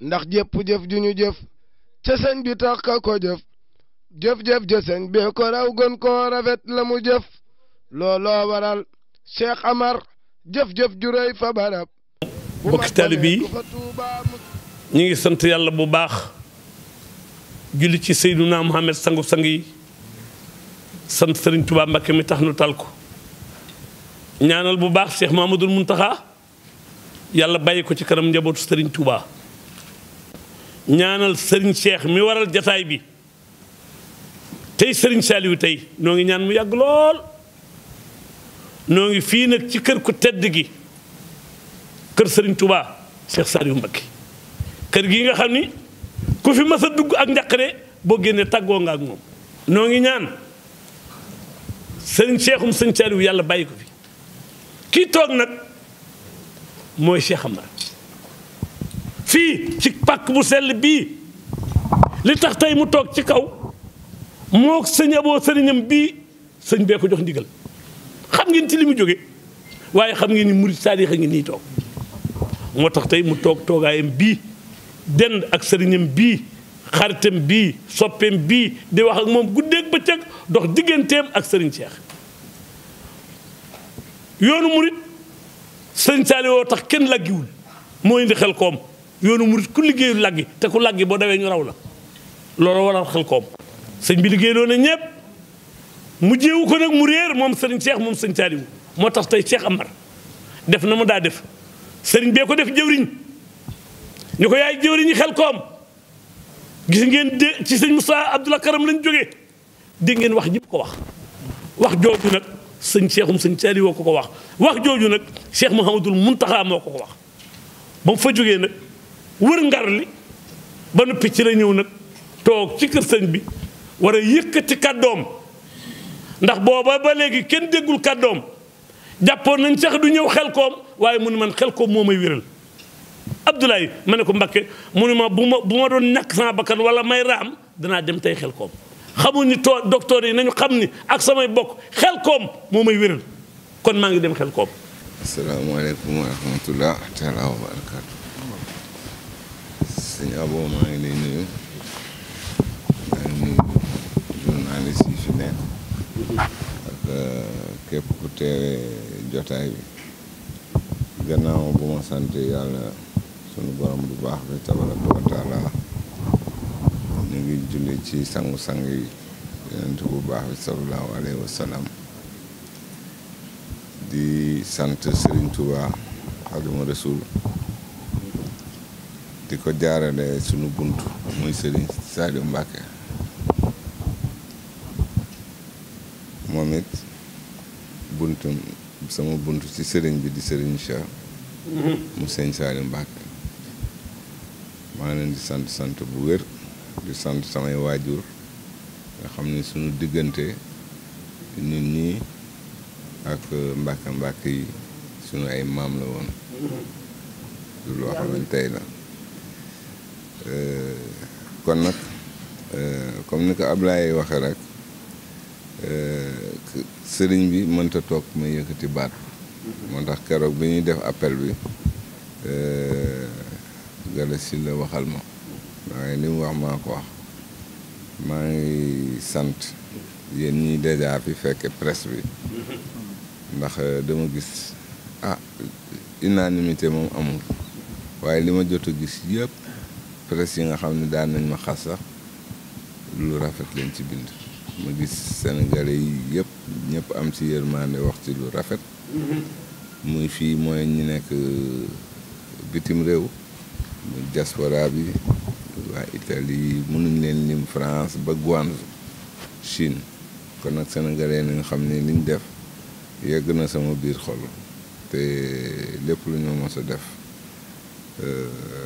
ndax jëpp jëf juñu ñu jëf ca sëñ bi tax ka ko jëf jëf-jëf ja sëñ bee ko raw gon ko rafet la mu jëf looloo waral Cheikh Amar jëf-jëf ju rëy fa barab bokki taalibe yi ñu ngi sant yàlla bu baax julli ci sayyiduna Muhammad sangu sangi sant Sëriñ Tuubaa Mbakke mi taxnu tal ko ñaanal bu baax Cheikh mamadou muntaha yàlla bàyyi ci kanam njabootu Sëriñ Tuubaa ñaanal sëriñ Cheikh mi waral jataay bi tey sëriñ Saliou tey noo ngi ñaan mu yàgg lool noo ngi fii nag ci kër ku tedd gi kër sëriñ Touba Cheikh Saliou Mbacké kër gi nga xam ni ku fi mas a dugg ak njàqare boo génnee tàggoo nga ak moom noo ngi ñaan sëriñ Cheikhum sëriñ Saliou yàlla bàyyi ko fi kii toog nag mooy Cheikh Amar bii ci pàkk bu sell bii li tax tey mu toog ci kaw moo sëñ aboo sëriñam bii sëñ bee ko jox ndigal xam ngeen ci li mu jóge waaye xam ngeen ni murit saadix a ngi nii toog moo tax tey mu toog toogaayam bii dend ak sëriñam bii xaritam bii soppeem bii di wax ak moom guddeeg bëccëg dox digganteem ak sëriñ Cheikh yoonu murit sëriñ Saaliw woo tax kenn laggiwul moo indi xel koom yoonu murit ku liggéeyul laggi te ku laggi boo dawee ñu raw la loolu waral xel koom sëñ bi liggéey liggéeyloo na ñëpp mu jéewu ko nag mu réer moom sëriñ Cheikh moom sëñ Saaliwu moo tax tey Cheikh Amar def na mu daa def sëriñ bee ko def jëwriñ ñu ko yaay jëwriñu xel koom gis ngeen ci sëñ Moussa Abdoulaye Karam lañ jógee dégg ngeen wax ñëpp ko wax wax jooju nag sëñ Cheikhum sëñ Saaliwu ko ko wax wax jooju nag Cheikh Mouhamadul Muntaxa moo ko ko wax ba mu fa jógee nag wër ngar li ba noppi ci la ñëw nag toog ci kër sañ bi war a yëkkati kàddoom ndax booba ba léegi kenn déggul kàddoom jàppoon nañ sax du ñëw xel koom waaye mu ne man xel koom moo may wéral Abdoulaye ma ne ko Mbakke mu ne ma bu ma bu ma doon ñàkk sama bakkan wala may raam danaa dem tey xel koom xamul ni too docteur yi nañu xam ni ak samay bokk xel koom moo may wéral kon maa ngi dem xel koom. asalaamaaleykum wa rahmatulah sëñ Abo maa ngi lay nuyu maa ngi euh, ku teewee jotaay bi gannaaw bu ma sant yàlla sunu borom bu baax bi tabaraka wa taala ñu ngi julli ci sangu-sang yi yonent bu baax bi sallallahu alayhi wa di sant Serigne Touba Xaadimu Rasuul di ko jaarale sunu bunt muy Serigne Saliou Mbacke moom it buntum sama bunt ci sëriñ bi di Serigne Cheikh mu sëñ Saliou Mbacke maa leen di sant sant bu wér di sant samay waajur nga xam ni sunu diggante nit ñi ak Mbacke Mbacke yi sunu ay maam la woon mm-hmm. lu loo xamante tey la kon nag comme ni ko Ablaye waxee rek sëriñ bi mënta toog may yëkkati baat moo tax keroog bi ñuy def appel bi gala si la waxal ma waaye li mu wax maa ko wax maa ngi sant yéen ñi déjà fi fekke presse bi ndax dama gis ah unanimité moom amul waaye li ma jot a gis yëpp presse yi nga xam ne daan nañ ma xas sax lu rafet leen ci bind ma gis sénégalais yi yépp ñëpp am ci yërmande wax ci lu rafet muy fii mooy ñu nekk euh, bitim réew muy diaspora bi waa Italie mënuñ leen lim France ba Guangzhou Chine kon nag sénégalais ni nga xam ne liñ def yegg na sama biir xol te lépp lu ñu mos a def euh,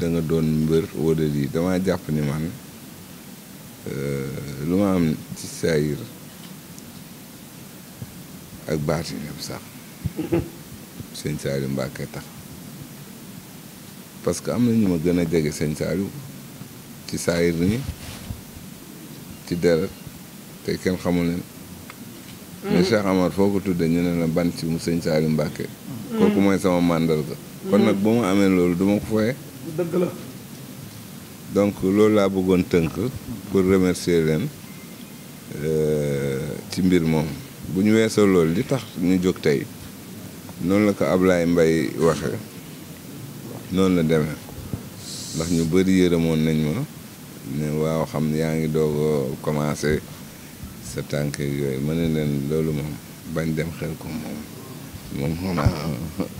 da doon mbër wala lii damaa jàpp ni man euh, lu ma am ci saayir ak baatinam sax sëñ Saliou Mbacke tax parce que am na ñu ma gën a jege sëñ Saliou ci saayir ni ci deret te kenn xamul leen mm-hmm. mais Cheikh Amar foo ko tudde ñu ne la ban ci mu sëñ Saliou Mbacke mm-hmm. kooku mooy sama màndarga kon mm-hmm. nag bu ma amee loolu duma ko foye dëgg la. donc loolu laa bëggoon tënk. pour remercier leen euh, ci mbir moom bu ñu weesoo loolu li tax ñu jóg tey noonu la ko Ablaye Mbaye waxe noonu la demee ndax ñu bëri yërëmoon nañ ma ne waaw xam ne yaa ngi doo a commencé sa tànk yooyu ma ne leen loolu moom bañ dem xel ko moom moom xam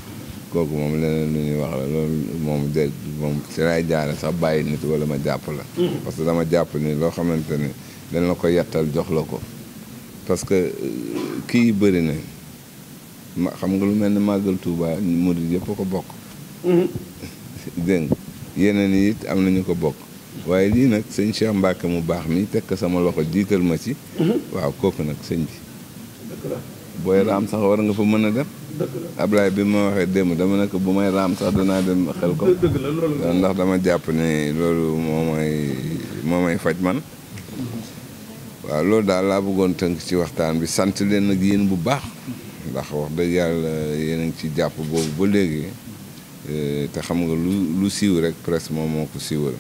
كوك موم لا نوني واخ لا موم ديت موم سي جاري صاح باي نيت ولا ما جابلا باسكو دا ما جابني لو خامتاني دا نلاكو ياتال جوخ لاكو باسكو كي بري نا ما خام نغ لو ملني ماغل توبا مودي ييب كو بوك دين يينن نيت ام نانيو كو بوك waaye lii nag sëñ cheikh mbàkke mu baax mi teg sama loxo jiital ma ci waaw kooku nag sëñ bi booy la am sax war nga fa mën a def Ablaye bi ma waxee démb dama nekk bu may raam sax danaa dem xel ko ndax dama jàpp ne loolu moo faj man waaw loolu daal laa bëggoon tënk ci waxtaan bi sant leen nag yéen bu baax ndax wax dëgg yàlla yéen a ngi ci jàpp boobu ba léegi eh, te xam nga lu lu siiw rek presse moom moo ko siiwal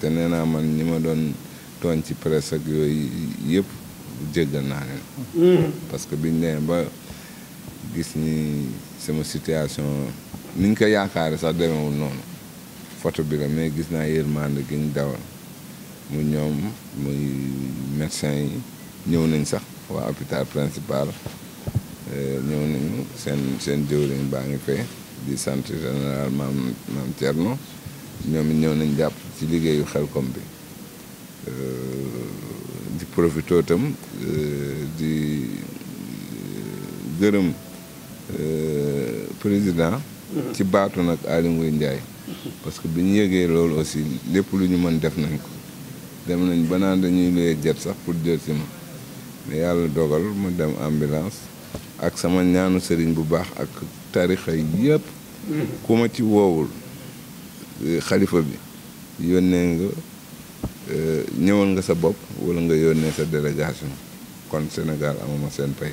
te nee naa man ñi ma doon tooñ ci presse ak yooyu yëpp jéggal naa leen mm-hmm. parce que biñ nee ba gis ni sama situation ni ñu ko yaakaare sax demewul noonu photo bi la mais gis naa yërmande gi ñu mu ñoom muy médecin yi ñëw nañ sax waa hôpital principal euh, ñëw nañu seen seen jëwriñ baa ngi fee di sant général maam maam Thierno ñoom ñëw nañ jàpp ci liggéeyu Xelcom bi euh, di profité euh, di gërëm Euh, président. Mhm. ci baatu nag Aly Ngouille Ndiaye. parce que bi ñu yëgee loolu aussi lépp lu ñu mën def nañ ko dem nañ ba naan dañuy luyee jet sax pour jël si ma mais yàlla dogal ma dem ambulance ak sama ñaanu sëriñ bu baax ak tarixa yëpp. Mhm. ku ma ci woowul euh, xalifa bi yónnee nga euh, ñëwal nga sa bopp wala nga yónnee sa délégation kon Sénégal amuma seen pay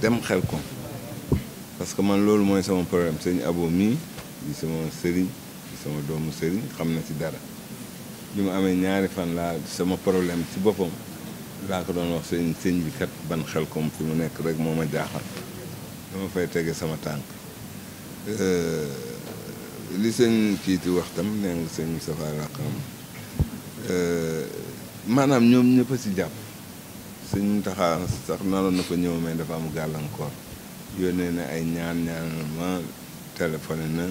dem xel ko parce que man loolu mooy sama problème sëñ Abo mii di sama sëriñ di sama doomu sëriñ xam na ci dara bi mu amee ñaari fan laa sama problème ci boppam laa ko doon wax sëñ sëñ bi kat ban xel ko fi mu nekk rek moo ma jaaxal dama fay tege sama tànk li sëñ kiiti wax tam nee nga sëñ Moustapha Rakam maanaam ñoom ñëpp a ci jàpp sëñ Muntaxa sax naroon na ko ñëw mais dafa am gàllankoor yónnee na ay ñaan ñaanal ma téléphoné na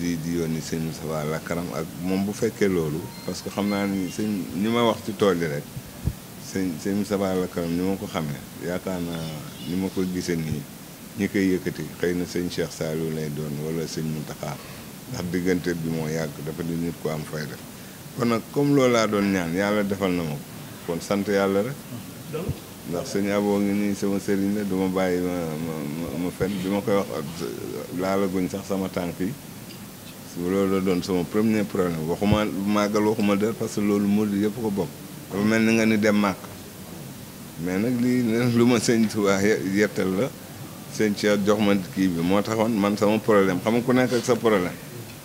di di yónni sëñ Moustapha Lakaram ak moom bu fekkee loolu parce que xam naa ni sëñ ñi ma wax ci tool yi rek sëñ sëñ Moustapha ko xamee yaakaar naa ma ko gisee nii ñi koy yëkkati xëy na sëñ Cheikh Saliou lay doon wala sëñ Muntaxa ndax diggante bi moo yàgg dafa di nit ko am fay def kon nag comme loolu laa doon ñaan yàlla defal na ma ko kon sant yàlla rek ndax sëñ aboo ngi nii sama sëriñ la du ma bàyyi ma ma ma fen bi ma koy wax laalaguñ sax sama tànk yi loolu la doon sama premier problème waxuma màggal waxuma dara parce que loolu murid yëpp ko bokk dafa mel ni nga ni dem màkk mais nag lii lu ma sëñ Tuubaa yettal la sëñ ci jox ma kii bi moo taxoon man sama problème xam nga ku nekk ak sa problème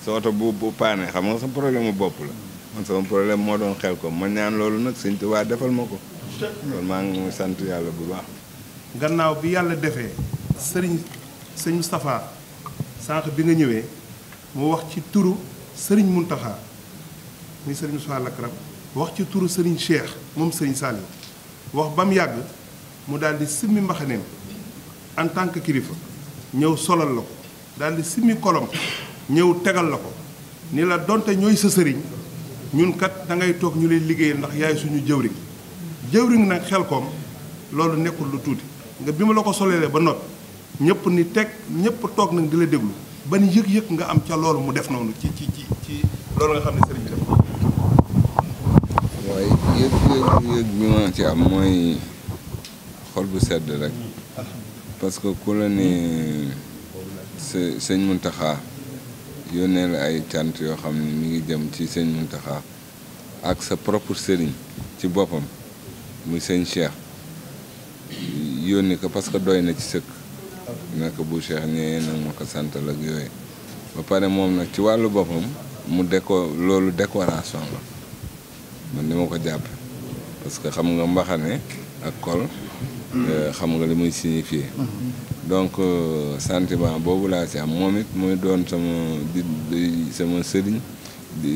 sa oto bu bu paane xam nga sa problème mu bopp la man sama problème moo doon xel ko ma ñaan loolu nag sëñ Tuubaa defal ma ko loolu maa ngi sant yàlla bu baax. gannaaw bi yàlla defee. sëriñ sëñ Moustapha sànq bi nga ñëwee mu wax ci turu sëriñ Mountakha muy sëriñ Moustapha Lakram wax ci turu sëriñ Cheikh moom sëriñ Saliou wax ba mu yàgg mu daal di simmi mbaxaneem en tant que kilifa ñëw solal la ko daal di simmi kolom ñëw tegal la ko ni la donte ñooy sa sëriñ ñun kat da ngay toog ñu leen liggéeyal ndax yaay suñu jëwriñ jëwriñ nag xel koom loolu nekkul lu tuuti nga bi ma la ko solelee ba noppi ñëpp ni teg ñëpp toog nag di la déglu ban yëg-yëg nga am ca loolu mu def noonu ci ci ci ci loolu nga xam ne sëriñ bi def waaye ci am mooy xol bu sedd rek parce que ku la ne sëñ Muntaxa yónnee la ay cant yoo xam ne mi ngi jëm ci sëñ Muntaxa ak sa propre sëriñ ci boppam muy sëñ Cheikh yónni ko parce que doy na ci sëkk nekk bu Cheikh ñëwee nag ma ko santal ak yooyu ba pare moom nag ci wàllu boppam mu déco loolu décoration la man ni ma ko jàpp parce que xam nga mbaxane ak kol euh, xam nga li muy signifier donc euh, sentiment boobu laa ci am moom it muy doon sama di sama sëriñ di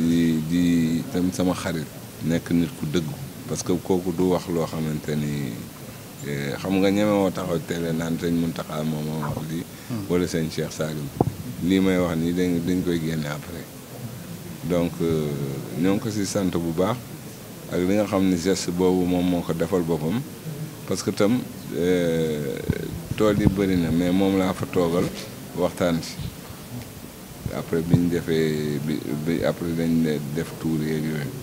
di tam sama xarit nekk nit ku dëggu parce que kooku du wax lo xamanteni ni eh, xam nga ñëmé wo taxaw télé nan sëñ muntaka moom wax lii. Hmm. wala sëñ Cheikh Salim li may wax ni dañ koy génne après donc euh, ñoo ngi ko si sant bu baax ak li nga xamni geste bobu mom moko ko defal boppam parce que tam eh, tool yi bari na mais mom la fa togal waxtaan si après bi ñu après dañ def tour yeeg yooyu.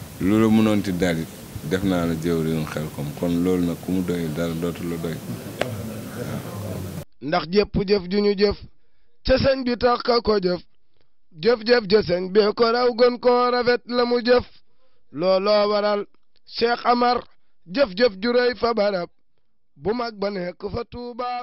loolu mënoon ti daal it def naa la jëw riñu xel kom kon loolu nag ku mu doy dara dootu doy ndax jëpp jëf ju ñu jëf ca bi tax ka ko jëf jëf-jëf ja sëñ bee ko raw gën koo rafet la mu jëf looloo waral Cheikh Amar jëf-jëf ju rëy fa barab bu mag ba nekk fa Tuubaa